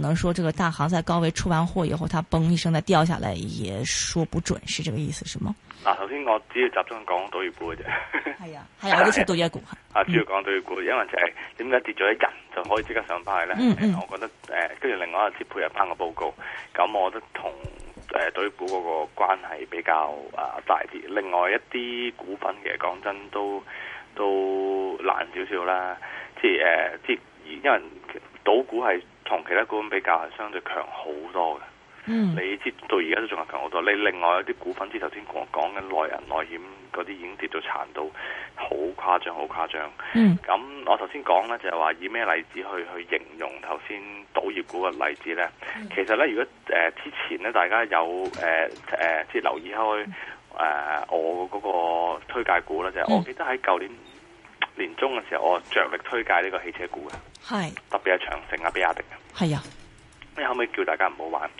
可能說這個大行在高位出完貨以後，它嘣一聲再掉下來，也說不準，是這個意思，是嗎？嗱，首先我主要集中講賭業股嘅啫，係 啊、哎呀，係 啊、哎，我都識賭、哎、業股。啊，主要講賭業股，因為就係點解跌咗一日就可以即刻上翻去咧？嗯嗯，我覺得誒，跟、呃、住另外一支配合翻個報告，咁我覺得同誒賭股嗰個關係比較啊、呃、大啲。另外一啲股份嘅，講真都都難少少啦。即係誒、呃，即係因為賭股係。同其他股份比較係相對強好多嘅、嗯，你知道到而家都仲係強好多。你另外有啲股份，即頭先講講緊內銀內險嗰啲已經跌到殘到，好誇張，好誇張。咁、嗯、我頭先講咧就係、是、話以咩例子去去形容頭先賭業股嘅例子咧、嗯？其實咧，如果誒、呃、之前咧，大家有誒誒即係留意開誒、呃、我嗰個推介股咧，就係、我記得喺舊年。嗯年中嘅時候，我着力推介呢個汽車股嘅，係特別係長城啊、比亞迪啊，係啊，咩後尾叫大家唔好玩。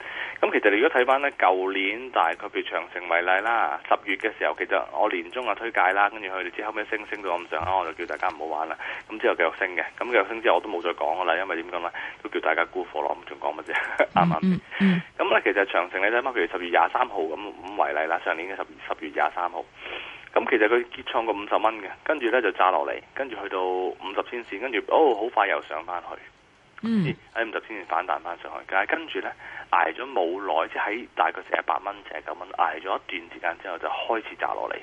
咁其實你如果睇翻咧，舊年大概譬如長城為例啦，十月嘅時候，其實我年中啊推介啦，跟住佢哋之後尾升升到咁上下，我就叫大家唔好玩啦。咁之後繼續升嘅，咁繼續升之後我都冇再講噶啦，因為點講咧，都叫大家沽貨咯，我唔仲講乜啫？啱唔啱？咁 咧、嗯嗯嗯嗯、其實長城咧，即係譬如十月廿三號咁咁為例啦，上年嘅十十月廿三號。咁其實佢結創過五十蚊嘅，跟住咧就炸落嚟，跟住去到五十先線，跟住哦好快又上翻去，嗯，喺五十先線反彈翻上去，但係跟住咧捱咗冇耐，即係喺大概成一百蚊、成九蚊捱咗一段時間之後，就開始炸落嚟。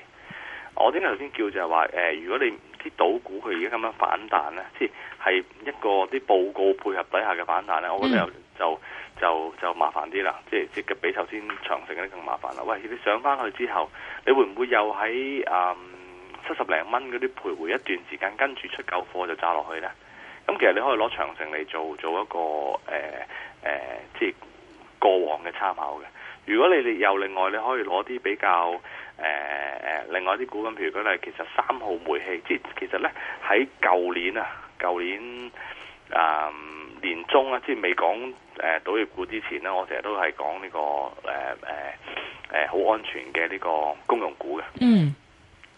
我點解頭先叫就係話、呃、如果你啲賭股佢而家咁樣反彈咧，即係一個啲報告配合底下嘅反彈咧，我覺得就。嗯就就麻煩啲啦，即係即係比頭先長城嗰啲更麻煩啦。喂，你上返去之後，你會唔會又喺七十零蚊嗰啲徘徊一段時間，跟住出夠貨就揸落去呢？咁其實你可以攞長城嚟做做一個誒誒、呃呃，即係過往嘅參考嘅。如果你哋又另外，你可以攞啲比較誒誒、呃，另外啲股，咁譬如講咧，其實三號煤氣，即係其實呢喺舊年啊，舊年、嗯年中啊，即係未講誒，賭、呃、業股之前咧，我成日都係講呢個誒誒誒，好、呃呃呃、安全嘅呢個公用股嘅。嗯、mm.，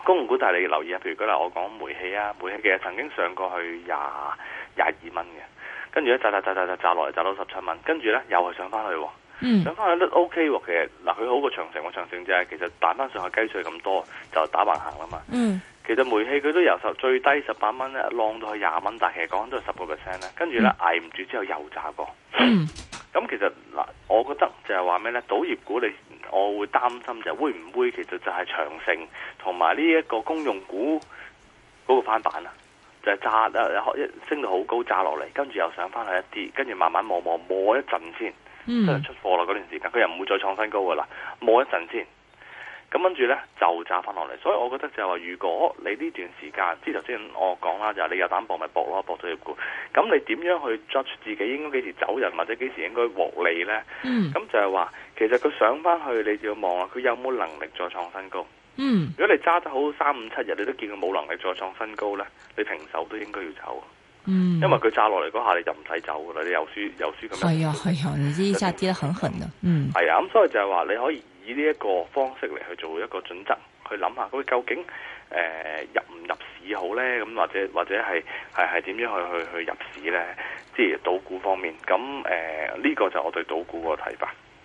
公用股，但係你要留意啊，譬如嗱，我講煤氣啊，煤氣其實曾經上過去廿廿二蚊嘅，跟住咧，扎扎扎扎扎扎落嚟，扎到十七蚊，跟住咧又係上翻去、啊，mm. 上翻去都 OK 嘅、啊。嗱，佢好過長城，個長城就係其實打翻上去雞碎咁多，就打橫行啦嘛。嗯、mm.。其實煤氣佢都由最低十八蚊咧，浪到去廿蚊，但係其實講緊都係十個 percent 咧。跟住咧挨唔住之後又炸過。咁、mm. 嗯、其實嗱，我覺得就係話咩咧？賭業股你我會擔心就會唔會其實就係長盛同埋呢一個公用股嗰個翻版啊？就係、是、炸啊！升到好高，炸落嚟，跟住又上翻去一啲，跟住慢慢磨磨磨一陣先，都、mm. 係出貨啦。嗰段時間佢又唔會再創新高噶啦，磨一陣先。咁跟住呢，就炸翻落嚟，所以我覺得就係話，如果你呢段時間，即係頭先我講啦，就係、是、你有膽搏咪搏咯，搏咗隻股。咁你點樣去 judge 自己應該幾時走人，或者幾時應該獲利呢？咁、嗯、就係話，其實佢上翻去，你就要望下佢有冇能力再創新高？嗯、如果你揸得好三五七日，你都見佢冇能力再創新高呢，你平手都應該要走。嗯。因為佢炸落嚟嗰下你，你就唔使走噶啦，你又輸又輸咁。係啊係啊，你呢一下跌得好狠嘅。嗯的。係啊，咁所以就係話你可以。以呢一個方式嚟去做一個準則，去諗下佢究竟誒、呃、入唔入市好咧？咁或者或者係係係點樣去去去入市咧？即係賭股方面，咁誒、呢、呃這個就我對賭股個睇法。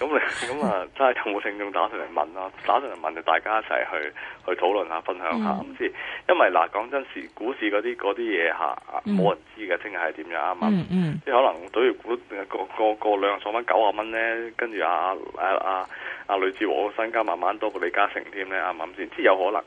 咁你咁啊，真係有冇聽眾打上嚟問咯，打上嚟問就大家一齊去去討論下、分享下咁即係。因為嗱，講真時，股市嗰啲嗰啲嘢吓，冇人知嘅，聽日係點樣啊啱？即係、嗯嗯、可能對住股個個個兩廿數蚊、九廿蚊咧，跟住阿阿阿阿呂志和個身家慢慢多過李嘉誠添咧啱嘛咁先，即係有可能。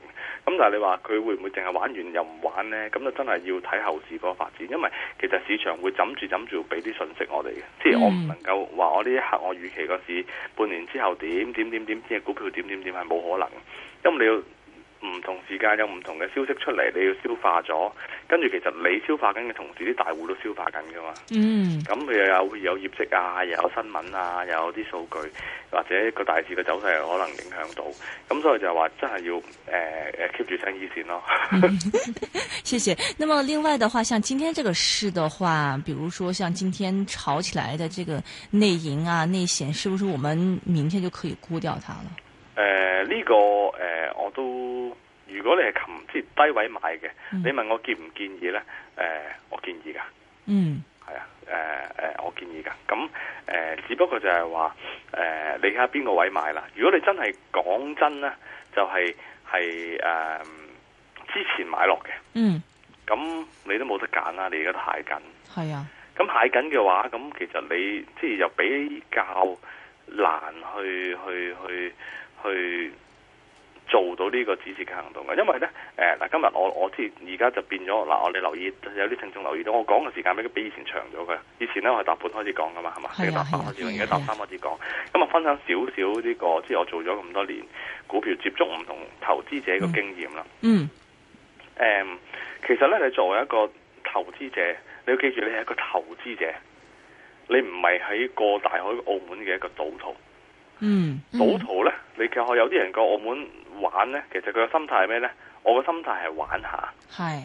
咁但係你話佢會唔會淨係玩完又唔玩咧？咁就真係要睇後市嗰個發展。因為其實市場會枕住枕住俾啲信息我哋嘅，即係我唔能夠話我呢一刻我預期個市。半年之後點點點點即係股票點點點係冇可能，因為你要。唔同時間有唔同嘅消息出嚟，你要消化咗，跟住其實你消化緊嘅同時，啲大戶都消化緊㗎嘛。嗯。咁佢又有會有業績啊，又有，有新聞啊，又有啲數據，或者個大市嘅走勢可能影響到。咁所以就話真係要誒誒 keep 住上意識咯。謝、嗯、 謝謝。那麼另外的話，像今天這個市的話，比如說像今天炒起來的這個內銀啊、內險，是不是我們明天就可以沽掉它了？誒、呃，呢、這個誒、呃，我都如果你係琴即係低位買嘅、嗯，你問我建唔建議咧？誒、呃，我建議噶，嗯，係啊，誒、呃、誒、呃，我建議噶。咁誒、呃，只不過就係話，誒、呃，你睇下邊個位買啦。如果你真係講真咧，就係係誒之前買落嘅，嗯，咁你都冇得揀啦。你而家太緊，係啊。咁太緊嘅話，咁其實你即係又比較難去去去。去去做到呢個指示嘅行動嘅，因為呢，誒嗱，今日我我知而家就變咗嗱，我哋留意有啲聽眾留意到，我講嘅時間比以前長咗嘅，以前呢，我係搭半開始講噶嘛，係嘛，係啊，係啊，而家搭三開始講，今日，啊啊、分享少少呢個，即係我做咗咁多年股票接觸唔同投資者嘅經驗啦，嗯，誒、嗯，um, 其實呢，你作為一個投資者，你要記住你係一個投資者，你唔係喺過大海澳門嘅一個賭徒。嗯，賭、嗯、徒咧，你其實有啲人過澳門玩咧，其實佢個心態係咩咧？我個心態係玩下，係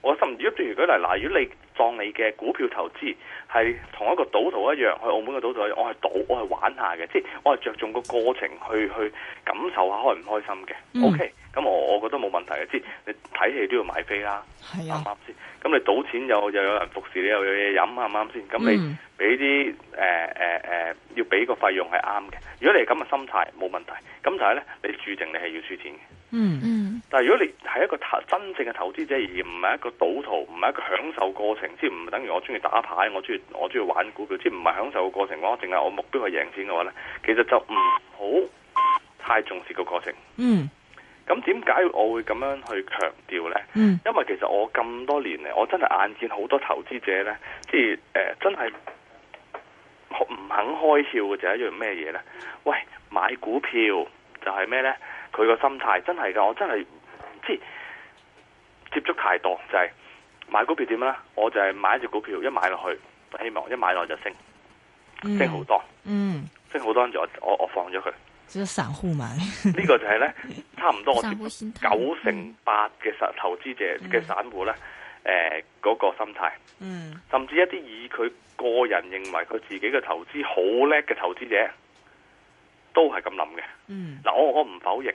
我心。如果譬如舉例，嗱，如果，如果，如果你當你嘅股票投資係同一個賭徒一樣，去澳門嘅賭台，我係賭，我係玩下嘅，即係我係着重個過程去去感受下開唔開心嘅。O、嗯、K。OK？咁我我覺得冇問題，即係你睇戲都要買飛啦，啱啱先？咁、嗯、你賭錢又又有人服侍，你又有嘢飲，啱唔啱先？咁你俾啲誒誒誒，要俾個費用係啱嘅。如果你係咁嘅心態，冇問題。咁但係咧，你注定你係要輸錢嘅。嗯嗯。但係如果你係一個真正嘅投資者，而唔係一個賭徒，唔係一個享受過程，即係唔等於我中意打牌，我中意我中意玩股票，即係唔係享受個過程，我淨係我目標去贏錢嘅話咧，其實就唔好太重視個過，過程。嗯。咁點解我會咁樣去強調呢？嗯、因為其實我咁多年嚟，我真係眼見好多投資者呢，即、呃、係真係唔肯開竅嘅就係、一樣咩嘢呢？喂，買股票就係咩呢？佢個心態真係噶，我真係即係接觸太多，就係、係、買股票點樣呢？我就係買一隻股票，一買落去，希望一買落就升，嗯、升好多，嗯、升好多，跟住我我放咗佢。就是、散戶嘛 ，呢個就係呢，差唔多九成八嘅實投資者嘅散戶呢，嗰、嗯呃嗰個心態，嗯，甚至一啲以佢個人認為佢自己嘅投資好叻嘅投資者，都係咁諗嘅，嗯，嗱，我我唔否認，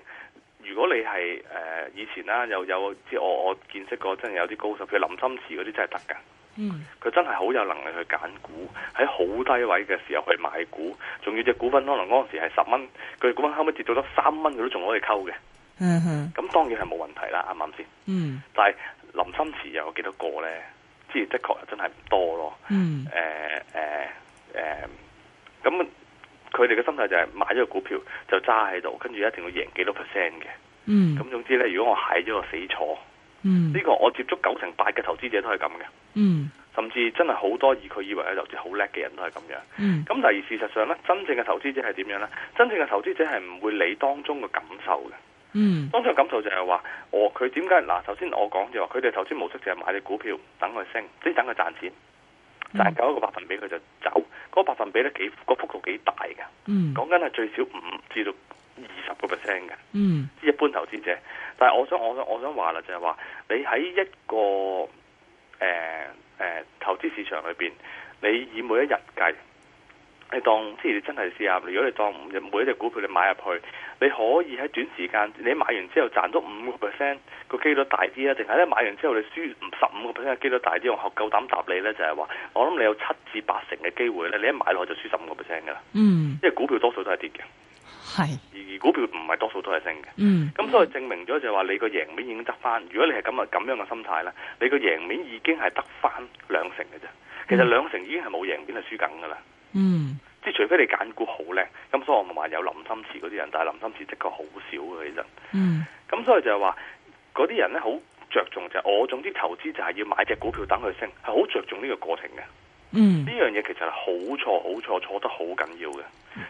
如果你係誒、呃、以前啦、啊，有有即我我見識過，真係有啲高手，譬如林心慈嗰啲真係得㗎。佢、嗯、真係好有能力去揀股，喺好低位嘅時候去買股，仲要隻股份可能嗰時係十蚊，佢股份後屘跌到得三蚊，佢都仲可以溝嘅。嗯哼，咁、嗯、當然係冇問題啦，啱唔啱先？嗯，但係林森池又有幾多個咧？即係的確又真係唔多咯。嗯，誒誒誒，咁佢哋嘅心態就係買咗個股票就揸喺度，跟住一定要贏幾多 percent 嘅。嗯，咁總之咧，如果我喺咗個死錯。呢、嗯，這個我接觸九成八嘅投資者都係咁嘅，甚至真係好多以佢以為嘅投資好叻嘅人都係咁樣的。咁、嗯、但係事實上咧，真正嘅投資者係點樣咧？真正嘅投資者係唔會理當中嘅感受嘅。嗯，當中嘅感受就係話，我佢點解？嗱、啊，首先我講就話，佢哋投資模式就係買隻股票等佢升，即係等佢賺錢，嗯、賺夠一個百分比佢就走。嗰個百分比咧幾，個幅度幾大嘅。嗯，講緊係最少五至到二十個 percent 嘅。嗯，一般投資者。但係我想，我想，我想話啦，就係話你喺一個誒誒、欸欸、投資市場裏邊，你以每一日計，你當即係你真係試下，如果你當每一隻股票你買入去，你可以喺短時間，你買完之後賺咗五個 percent 個幾率大啲啊，定係咧買完之後你輸十五個 percent 嘅幾率大啲？我夠膽答你咧，就係話我諗你有七至八成嘅機會咧，你一買落去就輸十五個 percent 噶啦，嗯、因為股票多數都係跌嘅。係。股票唔係多數都係升嘅，咁、嗯、所以證明咗就係話你個贏面已經得翻。如果你係咁啊咁樣嘅心態咧，你個贏面已經係得翻兩成嘅啫。其實兩成已經係冇贏面係輸緊噶啦。嗯，即係除非你揀股好叻，咁所以我咪話有林森池嗰啲人，但係林森池的確好少嘅其實。嗯，咁所以就係話嗰啲人咧好着重就係我總之投資就係要買隻股票等佢升，係好着重呢個過程嘅。嗯，呢樣嘢其實係好錯好錯，錯得好緊要嘅。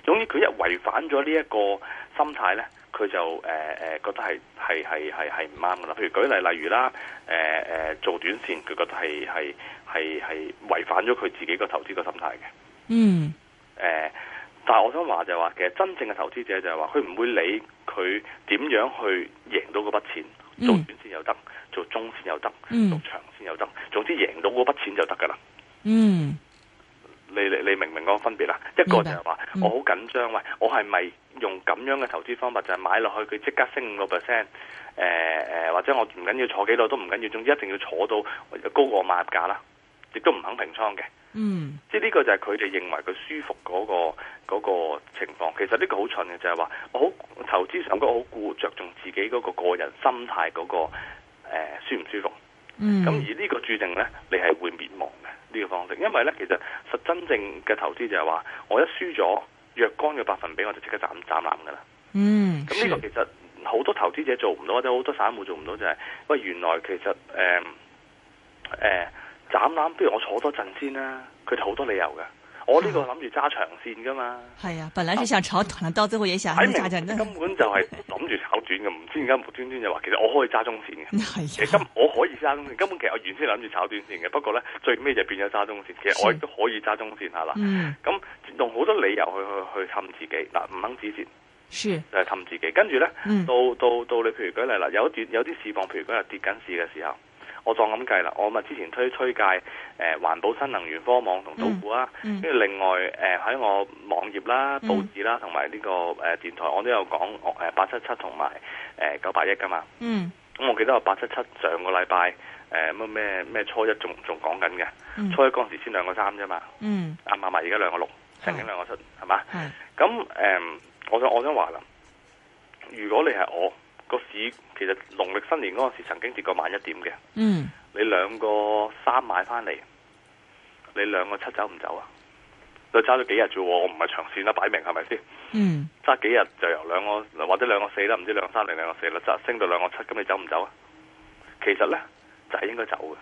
總之佢一違反咗呢一個心態咧，佢就誒誒、呃、覺得係係係係係唔啱噶啦。譬如舉例，例如啦，誒、呃、誒做短線，佢覺得係係係係違反咗佢自己個投資個心態嘅。嗯、呃。誒，但係我想話就係話，其實真正嘅投資者就係話，佢唔會理佢點樣去贏到嗰筆錢，做短線有得，做中線有得，做長線有得。總之贏到嗰筆錢就得噶啦。嗯，嗯。你你你明唔明嗰個分別啊？一個就係話、嗯、我好緊張，喂，我係咪用咁樣嘅投資方法就係買落去佢即刻升五個 percent？誒誒，或者我唔緊要坐幾耐都唔緊要，總之一定要坐到高過買入價啦，亦都唔肯平倉嘅。嗯，即係呢個就係佢哋認為佢舒服嗰個嗰個情況。其實呢個好蠢嘅就係話，我好投資上嗰個好顧著重自己嗰個個人心態嗰個、呃、舒唔舒服。嗯，咁而呢個注定咧，你係會滅亡嘅呢個方式，因為呢，其實實真正嘅投資就係話，我一輸咗若干嘅百分比，我就即刻斬斬纜㗎喇。嗯，咁呢個其實好多投資者做唔到，或者好多散戶做唔到、就是，就係，喂，原來其實誒誒斬纜不如我坐多陣先啦，佢哋好多理由㗎。我呢個諗住揸長線噶嘛，係啊，本來是想炒短，嗯，到最後也想揸長。根本就係諗住炒短嘅，唔知點解無端端就話，其實我可以揸中線嘅。係、啊、其實我可以揸中線，根本其實我原先諗住炒短線嘅，不過咧，最尾就變咗揸中線。其實我亦都可以揸中線下啦。嗯，咁用好多理由去去去氹自己，嗱唔肯止蝕，是就氹自己。跟住咧，到到到你譬如舉例啦，有一段有啲市況，譬如今日跌緊市嘅時候。我當咁計啦，我咪之前推推介誒、呃、環保新能源科網同道富啊，跟、嗯、住、嗯、另外誒喺、呃、我網頁啦、報紙啦同埋呢個誒電台，我都有講誒八七七同埋誒九八一㗎嘛。嗯，咁我記得我八七七上個禮拜誒乜咩咩初一仲仲講緊嘅，初一嗰陣時先兩個三啫嘛。嗯，阿嫲嫲而家兩個六，曾經兩個七，係嘛？咁誒、呃，我想我想話啦，如果你係我。個市其實農曆新年嗰陣時候曾經跌過萬一點嘅，嗯，你兩個三買翻嚟，你兩個七走唔走啊？都揸咗幾日啫，我唔係長線啦，擺明係咪先？揸、嗯、幾日就由兩個或者兩個四啦，唔知兩個三定兩個四啦，就升到兩個七，咁、嗯、你走唔走啊？其實咧就係、是、應該走嘅。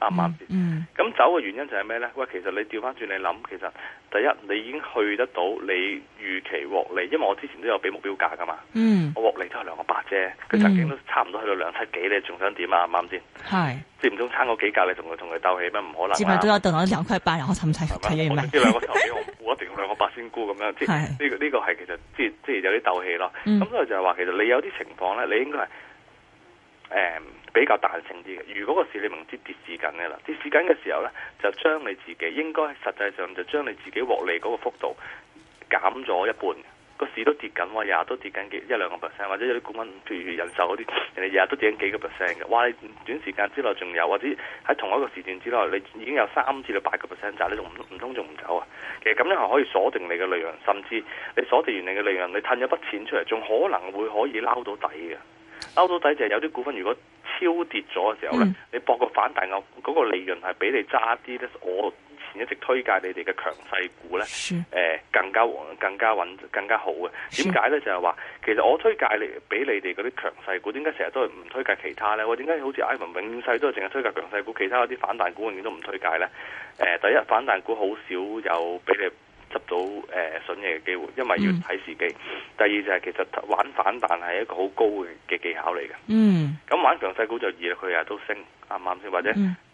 啱唔啱先？咁、嗯嗯、走嘅原因就係咩咧？喂，其實你調翻轉你諗，其實第一你已經去得到你預期獲利，因為我之前都有俾目標價㗎嘛。嗯，我獲利都係、啊嗯、兩個八啫，佢曾經都差唔多去到兩七幾，你仲想點啊？啱唔啱先？係，即唔通差嗰幾格你同佢同佢鬥氣咩？唔可能。只不過都要等咗兩塊八，然後參差差異唔係。因我我一定要兩個八先沽咁樣，即係呢個呢、呢個係其實即係即係有啲鬥氣咯。咁、嗯、就係話其實你有啲情況咧，你應該係誒、嗯、比較彈性啲嘅，如果個市你明知跌市緊嘅啦，跌市緊嘅時候呢，就將你自己應該實際上就將你自己獲利嗰個幅度減咗一半。個市都跌緊喎，日日都跌緊幾一兩個 percent，或者有啲股份，譬如人壽嗰啲，人哋日日都跌緊幾個 percent 嘅，話你短時間之內仲有，或者喺同一個時段之內，你已經有三至到八個 percent 賺，你仲唔唔通仲唔走啊？其實咁樣係可以鎖定你嘅利潤，甚至你鎖定完你嘅利潤，你褪咗筆錢出嚟，仲可能會可以撈到底嘅。勾到底就係有啲股份，如果超跌咗嘅時候咧、嗯，你博個反彈牛嗰個利潤係俾你揸啲咧，我前一直推介你哋嘅強勢股咧，誒、呃、更加更加穩更加好嘅，點解咧？就係、是、話其實我推介你俾你哋嗰啲強勢股，點解成日都係唔推介其他咧？我點解好似阿文永世都係淨係推介強勢股，其他嗰啲反彈股永遠都唔推介咧？誒、呃，第一反彈股好少有俾你，執到誒、呃、筍嘢嘅機會，因為要睇時機、嗯。第二就係、是、其實玩反彈係一個好高嘅技巧嚟嘅。嗯，咁玩強勢股就二佢日日都升，啱啱先？或者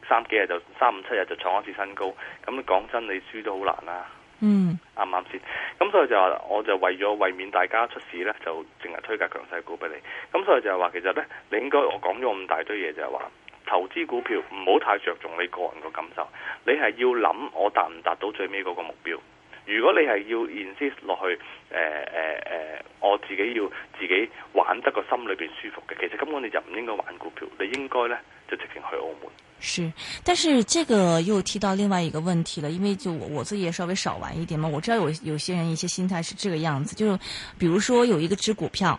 三幾日就三五七日就創一次新高，咁講真，你輸都好難啦、啊。嗯，啱唔啱先？咁所以就話，我就為咗為免大家出事呢，就淨係推介強勢股俾你。咁所以就話，其實呢，你應該我講咗咁大堆嘢，就係、是、話投資股票唔好太着重你個人個感受，你係要諗我達唔達到最尾嗰個目標。如果你係要 insist 落去、呃呃，我自己要自己玩得個心裏面舒服嘅，其實根本你就唔應該玩股票，你應該咧就直情去澳門。是，但是這個又提到另外一個問題了，因為就我我自己也稍微少玩一點嘛，我知道有有些人一些心態是這個樣子，就是，比如說有一個支股票。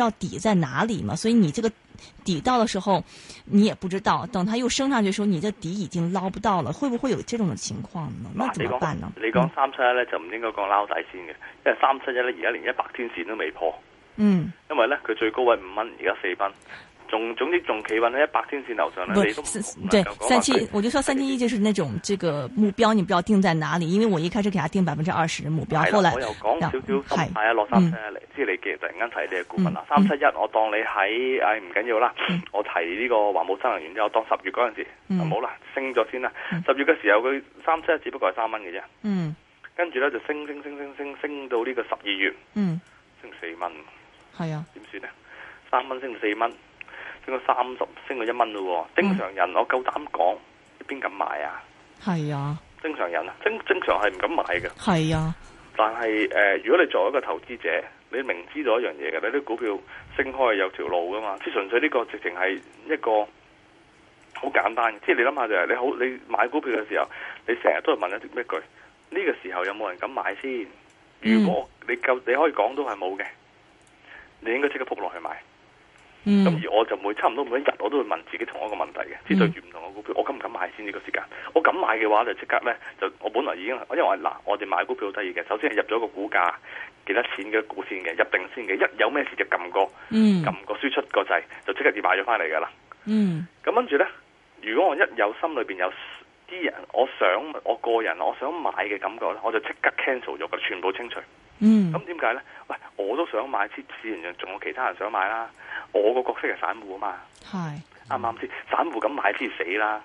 到底在哪裡嘛？所以你這個底到的時候，你也不知道。等它又升上去的時候，你這底已經撈不到了。會不會有這種情況呢？那怎麼辦呢？你講，你講三七一呢，3, 7, 1，就唔應該講撈底先嘅，因為三七一呢，而家連一百天線都未破。嗯，因為呢，佢最高位五蚊，而家四蚊。仲總之仲企穩喺一百天線樓上啦，你都唔同。三七，我就講三七一，就是那種這個目標，你唔知道定在哪裏，因為我一開始給佢定百分之二十嘅目標，後來我又講少少，嗯 3, 嗯 3, 7, 哎、係係啊，落三七一嚟，即係你嘅突然間睇你嘅股份啦。三七一，我當你喺誒唔緊要啦，我提呢個環保新能源之後，當十月嗰陣時冇啦，升咗先啦。十、嗯、月嘅時候，佢三七一只不過係三蚊嘅啫，嗯，跟住咧就升升升升升升到呢個十二月，嗯，升四蚊，係啊，點算呢？三蚊升四蚊。升到三十，升到一蚊咯。正常人、嗯、我夠膽講，邊敢買啊？係啊，正常人啊，正正常係唔敢買嘅。係啊，但係誒、呃，如果你作為一個投資者，你明知咗一樣嘢嘅，你啲股票升開有條路噶嘛？即係純粹呢個直情係一個好簡單嘅。即、就、係、是、你諗下就係、是，你好你買股票嘅時候，你成日都係問一啲咩句？呢、這個時候有冇人敢買先？如果你夠你可以講都係冇嘅，你應該即刻撲落去買。咁、嗯、而我就每差唔多每一日我都會問自己同一個問題嘅，至於唔同嘅股票，我敢唔敢買先呢個時間？我敢買嘅話，就即刻咧就我本來已經，因為嗱，我哋買股票好得意嘅，首先係入咗個股價幾多錢嘅股線嘅入定先嘅。一有咩事就撳個撳個輸出個掣，就即刻要買咗翻嚟噶啦。咁跟住咧，如果我一有心裏邊有啲人我想我個人我想買嘅感覺咧，我就即刻 cancel 咗，全部清除。咁點解咧？喂，我都想買，自然人仲有其他人想買啦。我個角色係散戶啊嘛，啱啱先？散戶咁買先死啦。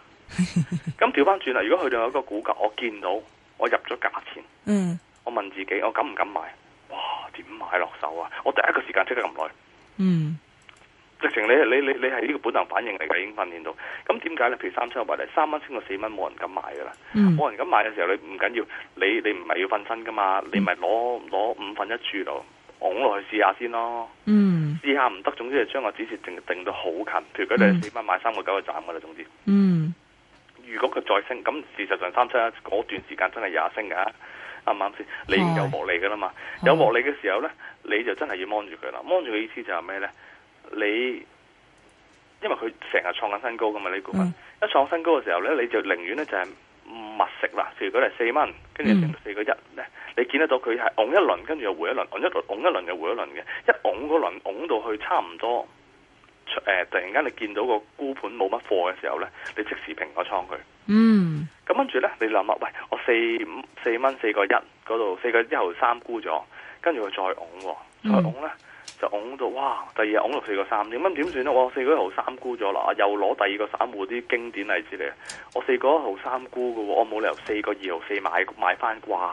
咁調翻轉啦，如果佢哋有個股價，我見到我入咗價錢，嗯，我問自己，我敢唔敢買？哇！點買落手啊？我第一個時間出得咁耐，嗯、直情你你你你係呢個本能反應嚟嘅，已經訓練到。咁點解咧？譬如三七或係三蚊升到四蚊，冇人敢買噶啦。冇、嗯、人敢買嘅時候，你唔緊要，你你唔係要瞓身噶嘛？你咪攞攞五分一注到。拱落去試一下先咯，嗯，試一下唔得，總之就將個止蝕定定到好近，譬如佢哋四蚊買三個九就斬噶啦，總之，嗯，如果佢再升，咁事實上三七一嗰段時間真係廿升噶，啱唔啱先？你已經有獲利噶啦嘛、哎？有獲利嘅時候咧，你就真係要望住佢啦，望住嘅意思就係咩咧？你因為佢成日創緊新高噶嘛呢股份、嗯，一創新高嘅時候咧，你就寧願咧就係、是。物食啦，譬如係四蚊，跟住升到四個一咧，mm. 你見得到佢係拱一輪，跟住又回一輪，拱一輪拱一輪又回一輪嘅，一拱嗰輪拱到去差唔多，誒、呃、突然間你見到個沽盤冇乜貨嘅時候咧，你即時平個倉佢。嗯，咁跟住咧，你諗下：喂，我四五四蚊四個一嗰度四個一後三沽咗，跟住佢再拱，再拱咧。Mm. 就拱到哇！第二日拱到四個三，點咁點算咧？我四個一毫三沽咗啦，又攞第二個散戶啲經典例子嚟，我四個一毫三沽嘅，我冇理由四個二毫四買回買翻啩。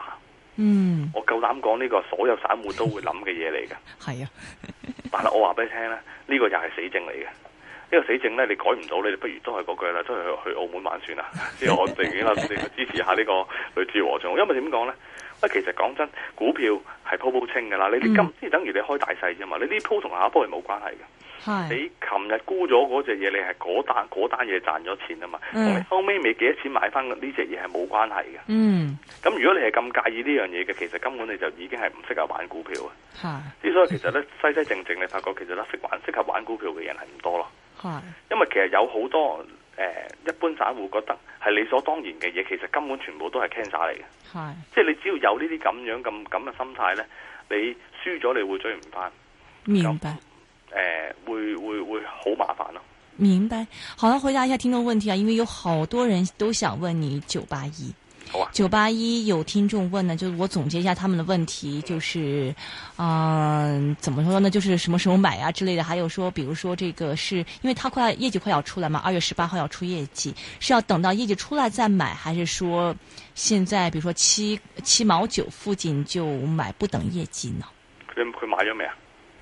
嗯，mm. 我夠膽講呢個所有散戶都會諗嘅嘢嚟嘅。係 啊，但係我話俾你聽咧，呢個又係死症嚟嘅。呢個死症呢，你改唔到，你不如都係嗰句啦，都係去，去澳門玩算啦。即係我寧願啦，支持下呢個呂志和總，因為點講呢？其實講真，股票係鋪鋪清嘅啦。你啲今即係等於你開大細啫嘛。你啲鋪同下一鋪係冇關係嘅。你琴日沽咗嗰隻嘢，你係嗰單嘢賺咗錢啊嘛。嗯。後尾你幾多錢買翻呢隻嘢係冇關係嘅。嗯。咁如果你係咁介意呢樣嘢嘅，其實根本你就已經係唔適合玩股票嘅。係。之所以其實咧， 西西靜靜你發覺其實咧，識玩適合玩股票嘅人係唔多咯。因為其實有好多。誒、呃，一般散戶覺得係理所當然嘅嘢，其實根本全部都係 cancer 嚟嘅，係，即係你只要有這些這樣這樣這樣呢啲咁樣咁咁嘅心態咧，你輸咗你會追唔翻，明白？誒、呃，會會會好麻煩咯、啊。明白，好啦，回答一下聽眾問題啊，因為有好多人都想問你九八一。九八一有聽眾問呢，就是我總結一下他們的問題，就是，嗯、呃，怎麼說呢？就是什麼時候買啊之類的？還有說，比如說這個是因為他快業績快要出來嘛？二月十八號要出業績，是要等到業績出來再買，還是說現在比如說七七毛九附近就買不等業績呢？佢佢買咗未啊？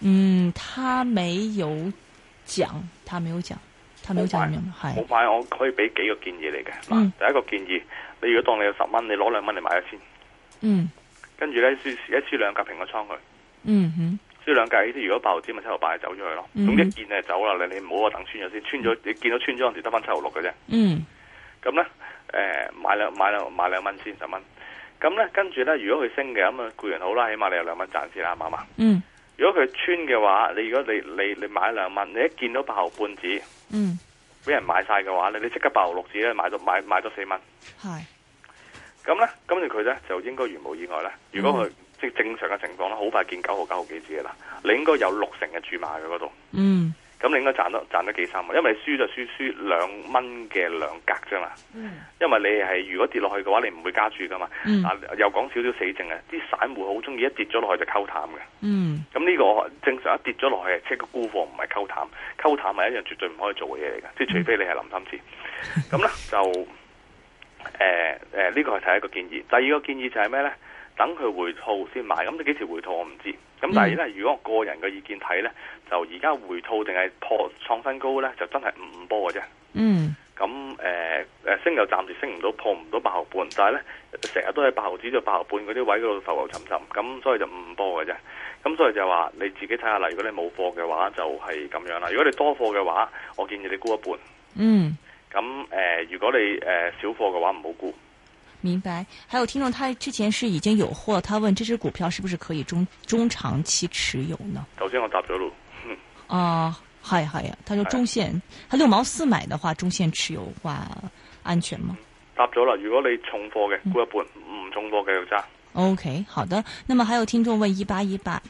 嗯，他沒有講，他沒有講，他沒有講，係冇買。我可以俾幾個建議你。嘅、嗯，第一個建議。你如果當你有十蚊，你攞兩蚊嚟買咗先，嗯，跟住咧輸一輸兩格平個倉佢，嗯哼，輸兩格呢啲如果八毫尖咪七毫八就走咗去咯，咁一見你就走啦、嗯，你你唔好話等穿咗先，穿咗你見到穿咗你得翻七毫六嘅啫，嗯，咁咧誒買兩買兩買兩蚊先十蚊，咁咧跟住咧如果佢升嘅咁啊固然好啦，起碼你有兩蚊賺先啦，啱唔啱？嗯，如果佢穿嘅話，你如果你你你買兩蚊，你一見到八毫半子，嗯。俾人買晒嘅話咧，你即刻八毫六紙咧買到買買到四蚊，係咁咧，跟住佢咧就應該如無意外咧。如果佢、嗯、即正常嘅情況好快見九毫九毫幾紙嘅啦。你應該有六成嘅注碼嘅嗰度。嗯。咁你應該賺得賺得幾三萬，因為輸就輸輸兩蚊嘅兩格啫嘛。因為你係、嗯、如果跌落去嘅話，你唔會加注噶嘛。啊、嗯、又講少少死證啊，啲散戶好中意一跌咗落去就溝淡嘅。咁、嗯、呢個正常一跌咗落去即個沽貨唔係溝淡，溝淡係一樣絕對唔可以做嘅嘢嚟㗎。即係除非你係臨深資。咁、嗯、咧就誒誒呢個係第一個建議，第二個建議就係咩咧？等佢回吐先買。咁你幾時回吐？我唔知。咁、嗯、但係咧，如果我個人嘅意見睇咧，就而家回吐定係破創新高咧，就真係五五波嘅啫。嗯。咁誒誒，升就暫時升唔到，破唔到八毫半。但係咧，成日都喺八毫子到八毫半嗰啲位嗰度浮浮沉沉，咁所以就五五波嘅啫。咁所以就話你自己睇下啦，如果你冇貨嘅話，就係、是、咁樣啦。如果你多貨嘅話，我建議你沽一半。嗯。咁誒、呃，如果你誒少貨嘅話，唔好沽。明白。還有聽眾，他之前是已經有貨，他問這隻股票是不是可以中中長期持有呢？頭先我答咗咯，嗯。啊，係係啊，他說中線，他六毛四買的話，中線持有話安全嗎？答咗啦，如果你重貨嘅，沽一半，唔、嗯、重貨嘅要揸。OK，好的。那麼還有聽眾問一八一八。.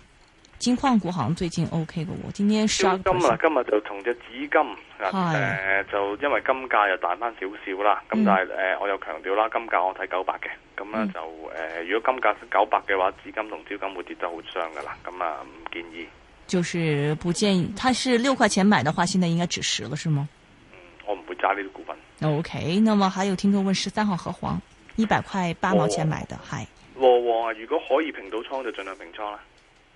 金礦股好像最近 OK 個，我今天十金今今日就同隻紫金，誒、呃、就因為金價又大翻少少啦，咁、嗯、但係誒、呃、我又強調啦，金價我睇九百嘅，咁、嗯、咧就誒、呃、如果金價九百嘅話，紫金同招金會跌得好傷噶啦，咁啊唔建議。就是不建議，他是六塊錢買的話，現在應該止蝕了，是嗎？嗯，我唔會揸呢啲股份。O、okay, K，那麼還有聽眾問十三號和黃，一百塊八毛錢買的，係、oh,。和黃啊，如果可以平到倉就盡量平倉啦。